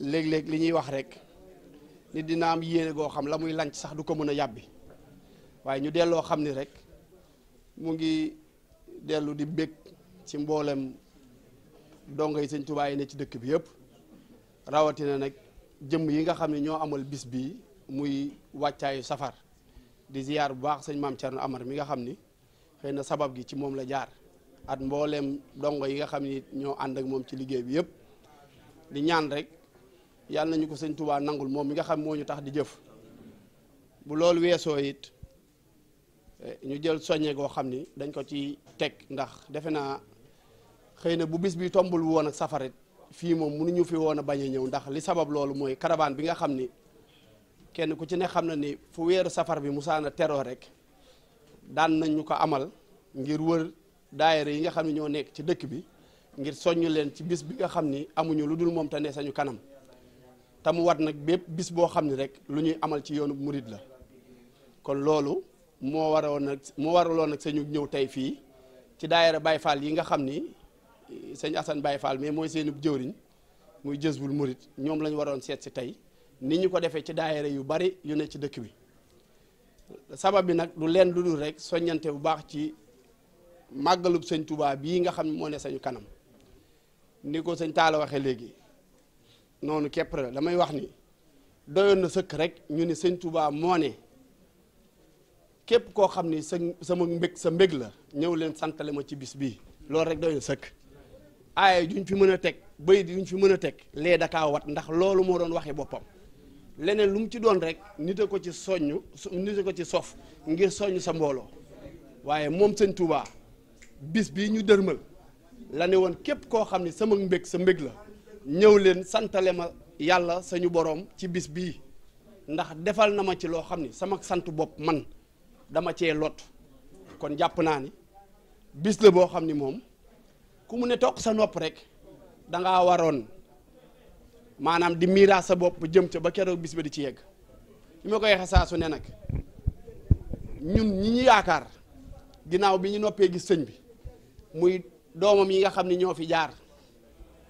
léeg-léeg li ñuy wax rek nit dina am yéene goo xam la muy lanc sax du ko mën a yàbbi waaye ñu delloo xam ni rek mu ngi dellu di bég ci mboolem dongo yi sëñ Tuubaa yi ne ci dëkk bi yëpp rawatina nag jëmm yi nga xam ne ñoo amal bis bii muy wàccaayu safar di ziyaar bu baax sañ maam Thierno Amar mi nga xam ni xëy na sabab gi ci moom la jaar at mboolem dongo yi nga xam ni ñoo ànd ak moom ci liggéey bi yëpp di ñaan rek yàlla nañu ko sëñ Touba nangul moom mi nga xam moo ñu tax di jëf bu loolu weesoo it eh, ñu jël soññe goo xam ni dañ ko ci teg ndax defe naa xëy na bu bis bi tombul woon ak safarit fii moom mënuñu fi woon a bañ a ñëw ndax li sabab loolu mooy caravane bi nga xam ni kenn ku ci ne xam na ni fu weeru safar bi musaana teroo rek daan nañ ñu ko amal ngir wër daayare yi nga xam ne ñoo nekk ci dëkk bi ngir soññ leen ci bis bi nga xam ni amuñu lu dul moom sañu kanam te wat nag bépp bis boo xam ne rek lu ñuy amal ci yoonu murid la kon loolu moo waroon nag moo waraloon ak sañu ñëw tey fii ci daayira bay Fall yi nga xam ni sëñ Assane bay Fall mais mooy seen jëwriñ muy jës wul Murid ñoom la waroon seet si tey ni ñu ko defee ci daayira yu bari yu ne ci dëkk bi sabab bi nag lu leen lu dul rek soññante bu baax ci màggalub sëñ Touba bii nga xam ne moo ne sañu kanam ni ko sëñ Talla waxee léegi. noonu képp la damay wax ni doyoon na sëkk rek ñu ni sëñ Touba moo ne képp koo xam ni sa sama mbég sa mbég la ñëw leen santale ma ci bis bii loolu rek doy na sëkk aaye juñ fi mën a teg bay di juñ fi mën a teg lee dakaa wat ndax loolu moo doon waxi boppam leneen lu mu ci doon rek nite ko ci soññ nite ko ci soof ngir soññ sa mbooloo waaye moom sëñ Touba bis bii ñu dërmal la ne woon képp koo xam ne sama mbég sa mbég la ñëw leen santale ma yàlla sañu boroom ci bis bii ndax defal na ma ci loo xam ni sama sant bopp man dama cee lot kon jàpp naa ni bis la boo xam ni moom ku mu ne toog sa nopp rek danga waroon maanaam di miiraa sa bopp jëm ca ba keroog bis ba di ci yegg li ma koy waxee saa su ne nag ñun ñi ñu yaakaar ginnaaw bi ñu noppee gis sëñ bi muy doomam yi nga xam ni ñoo fi jaar.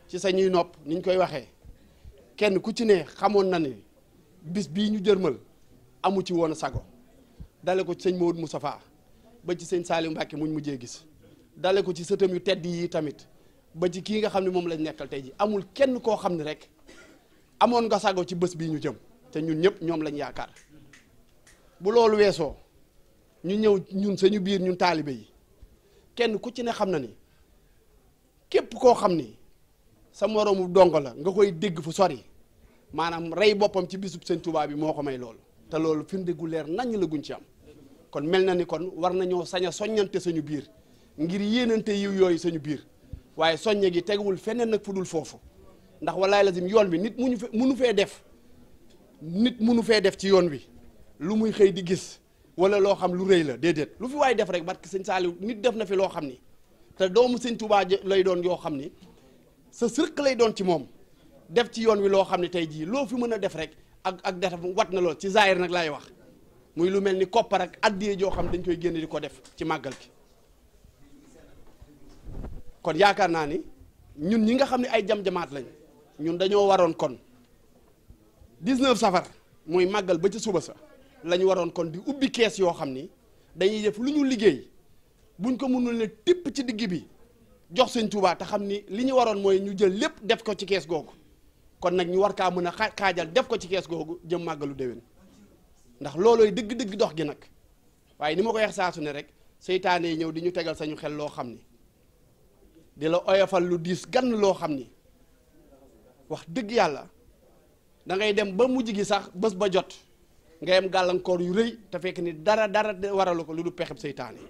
ci sañuy nopp niñ koy waxee kenn ku ci ne xamoon na ni bis bii ñu jërmal amu ci woon sago dale ko ci sëñ mu Moustapha ba ci sëñ Saliou Mbacke muñ mujjee gis dale ko ci sëtam yu tedd yi tamit ba ci kii nga xam ne moom lañ nekkal tey ji amul kenn koo xam ne rek amoon nga sago ci bés bii ñu jëm te ñun ñëpp ñoom lañ yaakaar bu loolu weesoo ñu ñëw ñun sañu biir ñun taalibe yi kenn ku ci ne xam na ni képp koo xam ni sa moroomu dongo la nga koy dégg fu sori maanaam rey boppam ci bisub sëñ Tuubaa bi moo ko may loolu te loolu firnde déggu leer naññ la guñ ci am kon mel na ni kon war nañoo sañ a soññante suñu biir ngir yéenante yiw yooyu sañu biir waaye soññe gi teguwul feneen ak fu dul foofu ndax walaay lazim yoon bi nit mu muñu fe munu fee def nit munu fee def ci yoon wi lu muy xëy di gis wala loo xam lu rëy la déedéet lu fi waay def rek barke sëñ Saaliw nit def na fi loo xam ni te doomu sëñ Tuubaa lay doon yoo xam ni sa sërq lay doon ci moom def ci yoon wi loo xam ne tey jii loo fi mën a def rek ak ak def wat na lool ci zaahir nag laay wax muy lu mel ni koppar ak addiyee joo xam dañ koy génne di ko def ci màggal gi kon yaakaar naa ni ñun ñi nga xam ne ay jam-jamaat lañ ñun dañoo waroon kon 19 safar muy màggal ba ca suba sa lañu waroon kon di ubbi kees yoo xam ni dañuy def lu ñu liggéey buñ ko mënul ne tipp ci digg bi jox sëñ Touba te xam ni li ñu waroon mooy ñu jël lépp def ko ci kees googu kon nag ñu war kaa mën a xaajal def ko ci kees googu jëm màggalu déwén ndax loolooy dëgg-dëgg dox gi nag waaye ni ma ko yeex saasu ne rek seytaane yi ñëw di ñu tegal sañu xel loo xam ni di la oyofal lu diis gann loo xam ni wax dëgg yàlla dangay dem ba mu gi sax bés ba jot nga yem gàllankoor yu rëy te fekk ni dara dara waralu ko lu du pexeb seytaane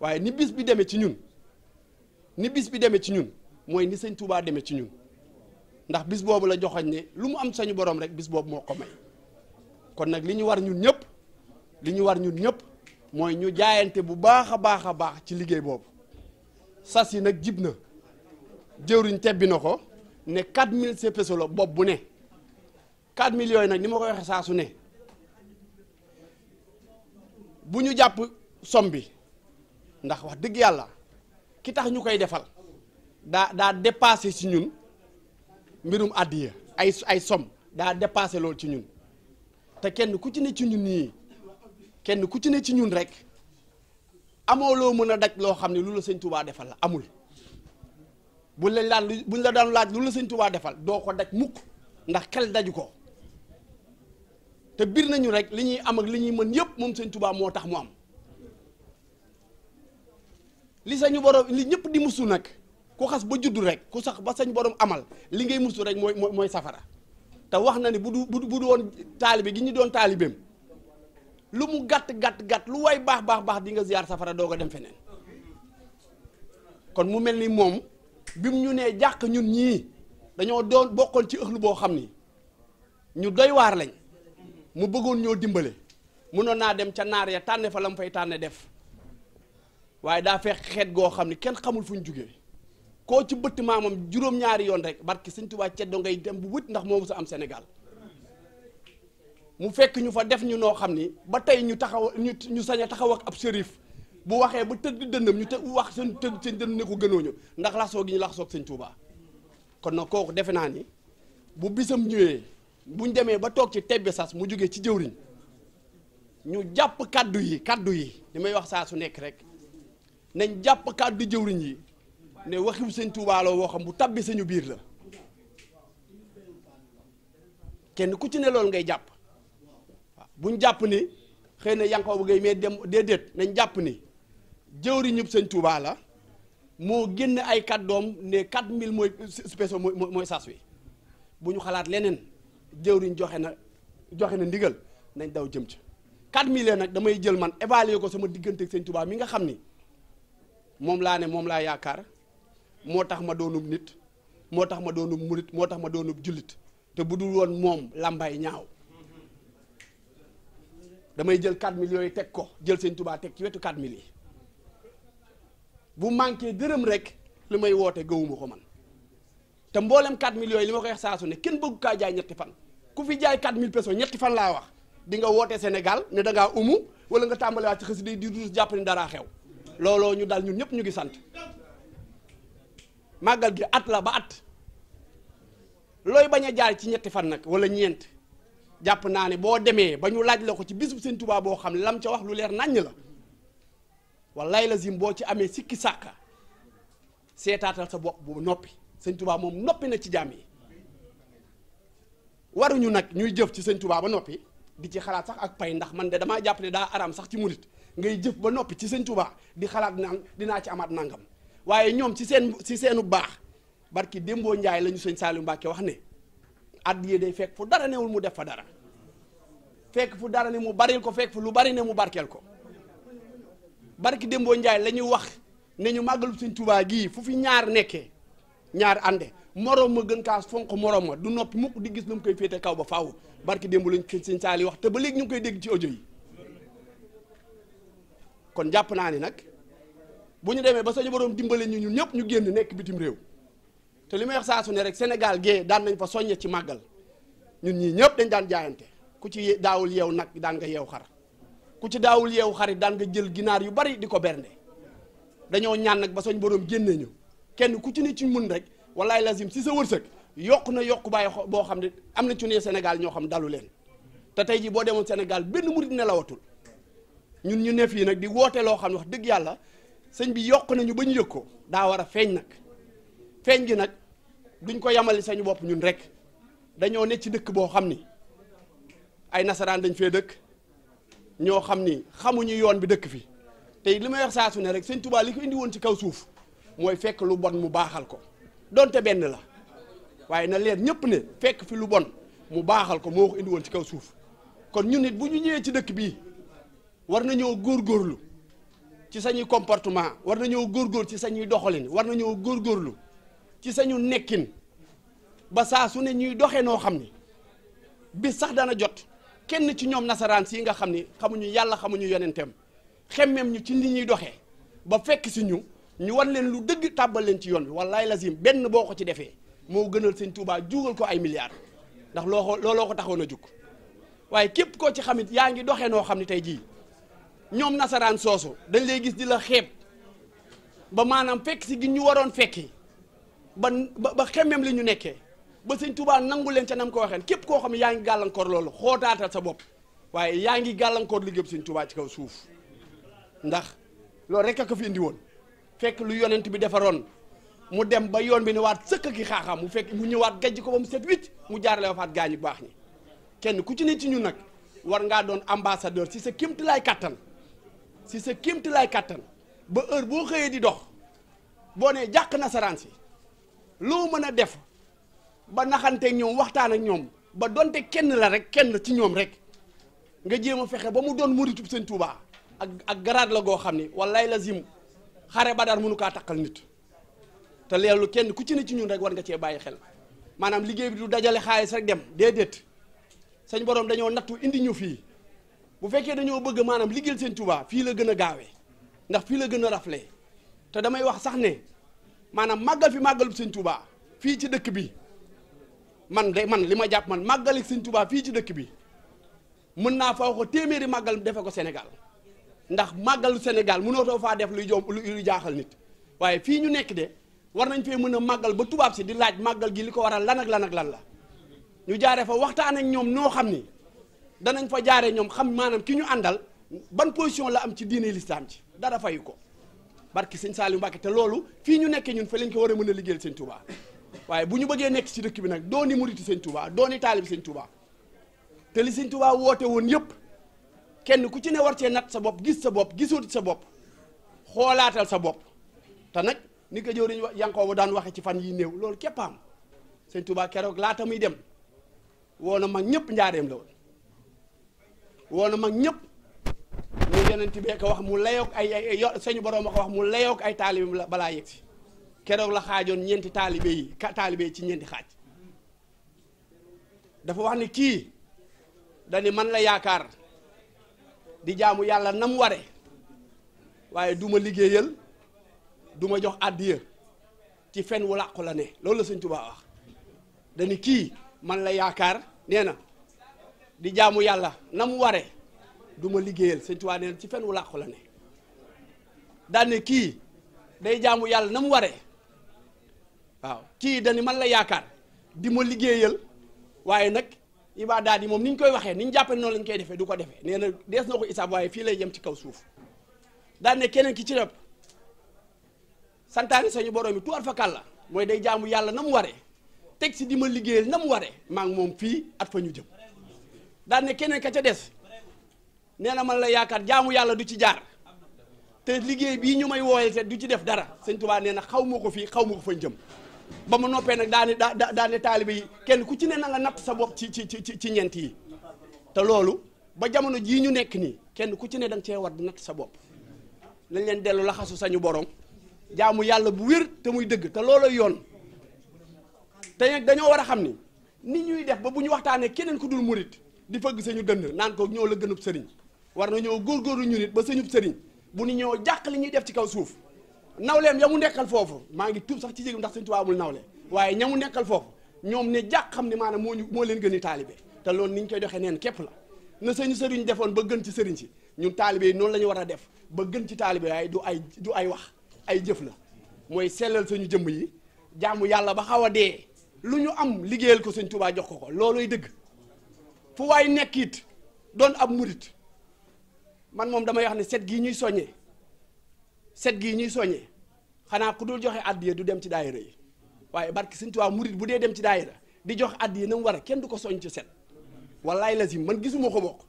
waaye ni bis bi demee ci ñun ni bis bi demee ci ñun mooy ni sëñ Touba demee ci ñun ndax bis boobu la joxoñ ne lu mu am sañu borom rek bis boobu moo ko may kon nag li ñu war ñun ñëpp li ñu war ñun ñëpp mooy ñu jaayante bu baax a baax a baax ci liggéey boobu sas yi nag jib na jëwriñ tebbi na ko ne 4000 CPS la bopp bu ne 4000 yooyu nag ni ma ko waxee saa su ne bu ñu jàpp som bi ndax wax dëgg yàlla. ki tax ñu koy defal daa daa dépassé ci ñun mbirum àddiya ay ay somme daa dépassé loolu ci ñun te kenn ku ci ne ci ñun ñii kenn ku ci ne ci ñun rek amoo loo mën a daj loo xam ne lu la sëñ Tuubaa defal la amul bu la daan buñ la daan laaj lu la sëñ Tuubaa defal doo ko daj mukk ndax xel daju ko te biir nañu rek li ñuy am li ñuy mën yëpp moom sëñ Tuubaa moo tax mu am li sañu borom li ñëpp di musu nag ku xas ba juddu rek ku sax ba sañ borom amal li ngay musu rek mooy mooy safara te wax na ni bu du bu du woon taalibe gi ñu doon taalibeem lu mu gàtt gàtt gàtt lu way baax baax baax di nga ziyaar safara doo ko dem feneen kon mu mel ni moom bi mu ñu nee jàq ñun ñii dañoo doon bokkoon ci ëxlu boo xam ni ñu doy waar lañ mu bëggoon ñoo dimbale mënoon naa dem ca naar ya tànne fa la mu fay tànne def waaye daa fekk xeet goo xam ne kenn xamul fu ñu jugee koo ci bëtt maamam juróom-ñaari yoon rek barki sëñ Tuubaa ceddo ngay dem bu wët ndax moomu sa am senegal mu fekk ñu fa def ñu noo xam ni ba tey ñu taxaw ñu ñu sañ a taxaw ak ab shérif bu waxee ba tëdd dëndam ñu te wax seen tëdd seen dënd ne ko gënoo ñu ndax laxsoo gi ñu laxsoog sëñ Tuubaa kon nag kooku defe naa ni bu bisam ñëwee buñ demee ba toog ci tebbe sas mu jógee ci jëwriñ ñu jàpp kaddu yi kàddu yi li may wax saa su nekk rek nañ jàpp kàddu jëwriñ yi ne waxiw sëñ Tuubaa woo xam bu tàbbi sañu biir la kenn ku ci ne loolu ngay jàpp waaw buñ jàpp ni xëy na yanqoo bëggay mais dem déedéet nañ jàpp ni jëwriñub sëñ Tuubaa la moo génn ay doom ne 4000 mooy spéciaux mooy mooy sas wi bu ñu xalaat leneen jëwriñ joxe na joxe na ndigal nañ daw jëm ci 4000 nag damay jël man évaluer ko sama diggante ak sëñ Tuubaa mi nga xam ni moom laa ne moom laa yaakaar moo tax ma doonub nit moo tax ma doonub murit moo tax ma doonub jullit te bu dul woon moom làmbaay ñaaw damay jël 4 millions yi teg ko jël seen tubaa teg ci wetu 4 millions yi bu manqué dërëm rek li may woote gëwuma ko man te mboolem 4 millions yi li ma koy wax saa ne kenn bëgg kaa jaay ñetti fan ku fi jaay mill pesos ñetti fan laa wax di nga woote Sénégal ne da ngaa umu wala nga tàmbaliwaat ci xës di di dus jàpp xew looloo ñu daal ñun ñëpp ñu ngi sant màggal gi at la ba at looy bañ a jaar ci ñetti fan nag wala ñeent jàpp naa ne boo demee ba ñu laaj la ko ci bisub seen Tuubaa boo xam ne lam ca wax lu leer nàññ la wallaay la zim boo ci amee sikki sàkka seetaatal sa bopp bu noppi sëñ Tuubaa moom noppi na ci jaam yi waruñu nag ñuy jëf ci sëñ Tuubaa ba noppi gi ci xalaat sax ak pay ndax man de damaa jàpp ne daa araam sax ci murit ngay jëf ba noppi ci sëñ Tuubaa di xalaat naan dinaa ci amaat nangam waaye ñoom ci seen si seenu baax barki Dembo Njaay lañu ñu sëñ Saliou Mbacke wax ne addiya day fekk fu dara newul mu def fa dara fekk fu dara ne mu baril ko fekk fu lu bari ne mu barkeel ko barki Dembo Njaay la ñuy wax ne ñu màggalu seen tubaa gii fu fi ñaar nekkee ñaar ànde moroom ma gën kaas fonk moroom ma du noppi mukk di gis lu mu koy féete kaw ba faaw barki démb lañ sëñ Saliou wax te ba léegi ñu koy dégg ci yi kon jàpp naa ni nag bu ñu demee ba sañu borom dimbale ñu ñun ñëpp ñu génn nekk bitim réew te li ma wax saa ne rek Sénégal gee daan nañ fa soñ ci màggal ñun ñii ñëpp dañ daan jaayante ku ci daawul yeew nag daan nga xar ku ci daawul yeew xarit daan jël ginaar yu bari di ko bernde dañoo ñaan nag ba soñ borom génne ñu kenn ku ci ne ci mun rek wallaay lazim si sa wërsëg yokk na yokk bàyyi boo xam ne am na ci ne Sénégal ñoo xam dalu leen te tey jii boo demoon Sénégal benn murit nelawatul ñun ñu ne fii nag di woote loo xam ne wax dëgg yàlla sëñ bi yokk nañu ba ñu yëg ko daa war a feeñ nag feeñ gi nag duñ ko yamali sañu bopp ñun rek dañoo ne ci dëkk boo xam ni ay nasaraan dañ fee dëkk ñoo xam ni xamuñu yoon bi dëkk fi tey li may wax saa su ne rek sëñ Tuubaa li ko indi woon ci kaw suuf mooy fekk lu bon mu baaxal ko donte benn la waaye na leer ñëpp ne fekk fi lu bon mu baaxal ko moo ko indi ci kaw suuf kon ñun nit bu ñu ñëwee ci dëkk bii war na ñëw góor góorlu ci sañuy comportement war na ñëw góor góorgóor ci sañuy doxalin war góor góorlu ci sañu nekkin ba saa su ne ñuy doxee noo xam ni bi sax dana jot kenn ci ñoom nasaraan si nga xam ni xamuñu yàlla xamuñu yonenteem xemmeem ñu ci li ñuy doxee ba fekk si ñu ñu war leen lu dëgg tàbbal leen ci yoon bi wallaay lazim benn boo ko ci defee moo gënal sëñ Tuubaa juugal ko ay milliards ndax loo ko looloo ko taxoon a jug waaye képp koo ci xamit yaa ngi doxee noo xam ni tey jii ñoom nasaraan soosu dañ lay gis di la xeeb ba maanaam fekk si gi ñu waroon fekki ba ba xemmem li ñu nekkee ba sëñ Tuubaa nangu leen ca nam ko waxeen képp koo xam ne yaa ngi gàllankoor loolu xootaatal sa bopp waaye yaa ngi gàllankoor liggéeyam sëñ Tuubaa ci kaw suuf ndax loolu rek a ko fi indi fekk lu yonent bi defaroon mu dem ba yoon bi ne waat sëkk ki xaaxaam mu fekk mu ñëwaat gajj ko ba mu set wicc mu jaarale waat gaañu baax ñi kenn ku ci ci ñun nag war ngaa doon ambassadeur si sa kéemtalaay kàttan si sa kéemti lay kàttan ba heure boo xëyee di dox boo nee jàq nasaraan si loo mën a def ba naxante ñoom waxtaan ak ñoom ba donte kenn la rek kenn ci ñoom rek nga jéem a fexe ba mu doon muritub sëñ Tuubaa ak ak garaat la goo xam ne wallaay la zim ba badar mënu kaa takkal nit te leelu kenn ku ci ne ci ñun rek war nga cee bàyyi xel maanaam liggéey bi du dajale xaalis rek dem déedéet sañ borom dañoo nattu indi ñu fii bu fekkee dañoo bëgg maanaam liggéey seen Tuubaa fii la gën a gaawee ndax fii la gën a rafle te damay wax sax ne maanaam màggal fi màggalub seen Tuubaa fii ci dëkk bi man de man li ma jàpp man màggalik seen Tuubaa fii ci dëkk bi mën naa faaw ko téeméeri màggal defe ko Sénégal ndax màggalu Sénégal mënootoo faa def luy jom lu jaaxal nit waaye fii ñu nekk de war nañ fee mën a màggal ba tubaab si di laaj màggal gi li ko waral lan ak lan lan la ñu jaaree fa waxtaan ak ñoom noo xam ni. danañ fa jaaree ñoom xam maanaam ki ñu àndal ban position la am ci diine lislaam ci dara fayu ko barki sëñ Saliou Mbacke te loolu fii ñu nekkee ñun fa lañ ko war a mën a liggéeyal sëñ Touba waaye bu ñu bëggee nekk ci dëkk bi nag dooni muriti sëñ Touba dooni taalib sëñ Touba te li sëñ Touba woote woon yëpp kenn ku ci ne war cee nat sa bopp gis sa bopp gisut sa bopp xoolaatal sa bopp te nag ni ko jëwriñ yankoo bu daan waxee ci fan yi néew loolu képp am keroog laata muy dem woona mag ñëpp njaareem la woo na mag ñëpp ñu yonent bee ko wax mu layoog ay sañu borom wax mu layoog ay taalibeem la balaa yegg si keroog la xaajoon ñeenti taalibe yi ka ci ñeenti xaaj dafa wax ni kii dani man la yaakaar di jaamu yàlla nam ware waaye duma liggéeyal duma jox àddiya ci fen wu làqu la ne loolu la sëñ Tuubaa wax dani kii man la yaakaar nee na di jaamu yàlla na mu waree duma liggéeyal sëñ Tuubaa ci fen wu làqu la ne daan kii day jaamu yàlla na mu ware waaw kii dañu man la yaakaar di ma liggéeyal waaye nag ibaadaat yi moom ni ñu koy waxee ni ñu jàppee noonu lañ koy defee du ko defee nee na dees na ko isaab waaye fii lay jëm ci kaw suuf daan ne keneen ki ci rëbb santaane sañu borom yi tuwaat fa kàlla mooy day jaamu yàlla na mu waree teg si di ma liggéeyal na mu waree maa ngi moom fii at fa ñu jëm. daan ne keneen ka ca des nee na man la yaakaar jaamu yàlla du ci jaar te liggéey bii ñu may wooyal te du ci def dara sëñ Tuubaa nee xaw ma ko fii xaw ma ko fa jëm ba ma noppee nag daane daa daane taalibe yi kenn ku ci ne na nga natt sa bopp ci ci ci ci ñent yi te loolu ba jamono jii ñu nekk nii kenn ku ci ne da nga cee war di natt sa bopp nañ leen dellu laxasu sañu borom jaamu yàlla bu wér te muy dëgg te looloo yoon te nag dañoo war a xam ni nit ñuy def ba bu ñu waxtaanee keneen ku dul murit di fëgg sañu dënd naan ko ñoo la gënub sëriñ war na ñoo góorgóorlu ñu nit ba sañub sëriñ bu ñu ñëw jàq li ñuy def ci kaw suuf nawleem ya mu nekkal foofu maa ngi tuub sax ci jégum ndax sëñ Tuubaa amul nawle waaye ña mu nekkal foofu ñoom ne jàq xam ne maanaam moo ñu moo leen gën i taalibe te loolu ni ñu koy doxee neen képp la na sañu sëriñ defoon ba gën ci sëriñ si ñu taalibe yi noonu la ñu war a def ba gën ci taalibe waaye du ay du ay wax ay jëf la mooy sellal sañu jëmm yi jaamu yàlla ba xaw a dee lu ñu am liggéeyal ko sëñ Tuubaa jox ko ko looloy dëgg fu waay nekk doon ab murit man moom damay wax ne set gii ñuy soññee set gii ñuy soññee xanaa ku dul joxe addiya du dem ci daayira yi waaye barki Sëñ Tuubaa murit bu dee dem ci daayira di jox addiya na mu war a kenn du ko soñ ci set wallaay lazim man gisuma ko bokk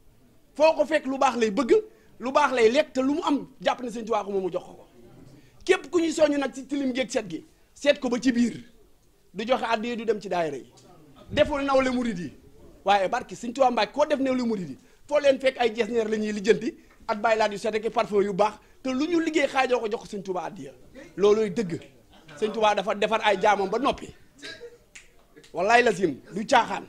foo ko fekk lu baax lay bëgg lu baax lay lekk te lu mu am jàpp ne Sëñ Tuubaa ko moom mu jox ko képp ku ñuy soññ nag ci tilim géeg set gi seet ko ba ci biir du joxe addiya du dem ci daayira yi deful nawle murit yi waaye barki Sëñ Tuubaa Mbàkke koo def new lu murid yi foo leen fekk ay jees ñeer la ñuy lijjanti at bàyyi laat yu set ak parfum yu baax te lu ñu liggéey xaajoo ko jox ko Sëñ Tuubaa addiya dëgg Sëñ dafa defar ay jaamam ba noppi wallaay lazim du caaxaan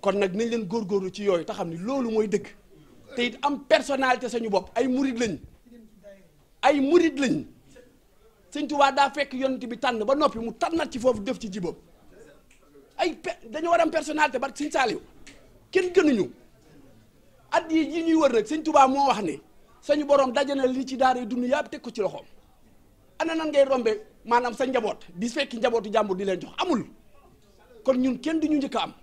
kon nag nañ leen góor góorgóorlu ci yooyu te xam ni loolu mooy dëgg te it am personnalité sañu bopp ay murid lañ ay murid lañ Sëñ Tuubaa daa fekk yonent bi tànn ba noppi mu tànnat ci foofu def ci jibam ay pe dañu war am personnalité ba Sëñ Saaliw kenn gënuñu at yi yi ñuy wër nag Sëñ tubaa moo wax ne sañu borom dajana li ci daara yi dund yàpp teg ko ci loxoom ana nan ngay rombe maanaam sañ njaboot di fekki njabootu jàmbur di leen jox amul kon ñun kenn du ñu njëkk a am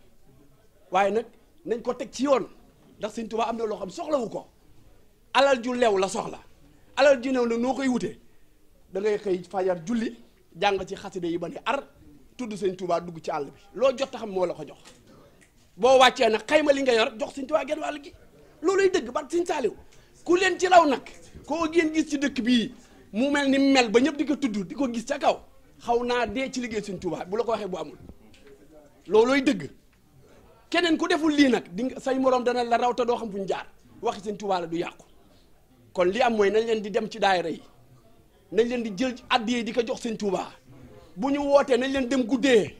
waaye nag nañ ko teg ci yoon ndax Sëñ Tuubaa am na loo xam soxlawu ko alal ju lew la soxla alal ju new la noo koy wute dangay ngay xëy fajar julli jàng ci xasida yi ba ne ar tudd sëñ Touba dugg ci àll bi loo jot xam moo la ko jox boo wàccee nag xayma li nga yor jox sëñ Touba gen wàll gi looluy dëgg ba sëñ Saaliw ku leen ci raw nag koo ngeen gis ci dëkk bii mu mel ni mel ba ñëpp di ko tudd di ko gis ca kaw xaw naa dee ci liggéey sëñ Touba bu la ko waxee bu amul loolooy dëgg keneen ku deful lii nag di say moroom dana la raw te doo xam bu ñu jaar waxi sëñ Touba la du yàqu kon li am mooy nañ leen di dem ci daayira yi nañ leen di jël addiya yi di ko jox sëñ tuubaa bu ñu wootee nañ leen dem guddee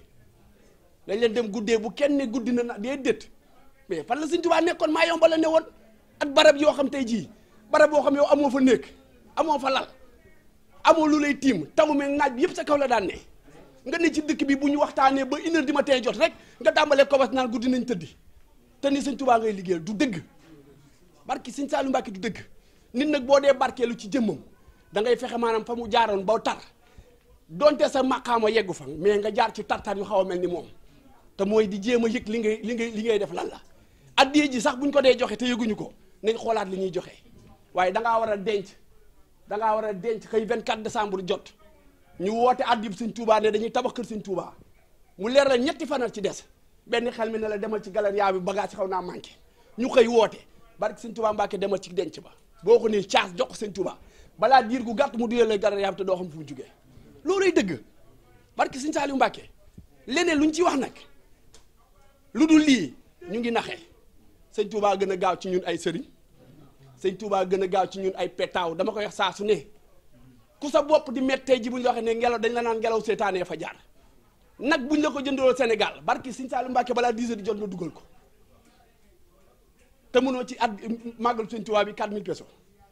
nañ leen dem guddee bu kenn ne guddi na dee déet mais fan la Sëñ Tuubaa nekkoon maa yomba la ne woon ak barab yoo xam tey jii barab boo xam yow amoo fa nekk amoo fa lal amoo lu lay tiim taw me naaj bi yëpp sa kaw la daan ne nga ne ci dëkk bi bu ñu waxtaanee ba une heure du matin jot rek nga tàmbalee kobas naan guddi nañ tëddi te ni Sëñ Tuubaa ngay liggéeyal du dëgg barki Sëñ Saalu Mbàkke du dëgg nit nag boo dee barkeelu ci jëmmam da ngay fexe maanaam fa mu jaaroon ba tar donte sa maqaama yeggu fan mais nga jaar ci tartar yu xaw a mel ni moom te mooy di jéem a yëg li ngay li ngay li ngay def lan la addiye ji sax buñ ko dee joxee te yëguñu ko nañ xoolaat li ñuy joxe waaye dangaa war a denc dangaa war a denc xëy 24 décembre jot ñu woote addi Sëñ Tuubaa ne dañuy tabax kër Sëñ Tuubaa mu leer la ñetti fanal ci des benn xel mi ne la demal ci galeria bi ci xaw naa manqué ñu xëy woote barke Sëñ Tuubaa Mbàkke demal ci denc ba boo ko nee caas jox ko balaa diir gu gàtt mu duyee la galeria bi te doo xam fu mu jugee loolay dëgg barki Sëñ Saaliw Mbàkke leneen lu ñu ci wax nag lu dul lii ñu ngi naxee sëñ Touba gën a gaaw ci ñun ay sëriñ sëñ Touba gën a gaaw ci ñun ay petaaw dama koy wax saa su ne ku sa bopp di mettee ji bu ñu waxee ne ngelaw dañ la naan ngelaw seetaanee fa jaar nag ñu la ko jëndoo senegal barki siñ Saaliw Mbàkke balaa 10 heures di jot nga dugal ko te mënoo ci at màggal sëñ Touba bi 4000 pesos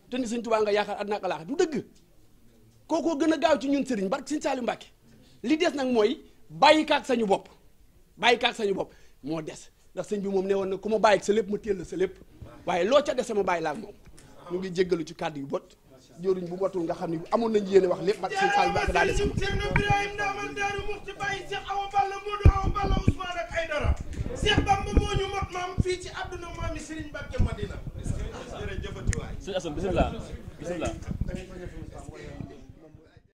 te ni sëñ Touba nga yaakaar ak naa ko du dëgg. kookoo gën a gaaw ci ñun sëriñ barke sëriñ Saliou Mbacke li des nag mooy bàyyi kaak sañu bopp bàyyi sañu bopp moo des ndax sëñ bi moom ne woon na ku ma bàyyi sa lépp ma téel la sa lépp waaye loo ca dese ma bàyyi laak moom ñu ngi jéggalu ci kàddu yu bot jóoruñ bu nga xam ne amoon nañu yéene wax lépp barke sëriñ Saliou Mbacke daa des Cheikh fii ci àdduna maami Serigne Mbacke Madina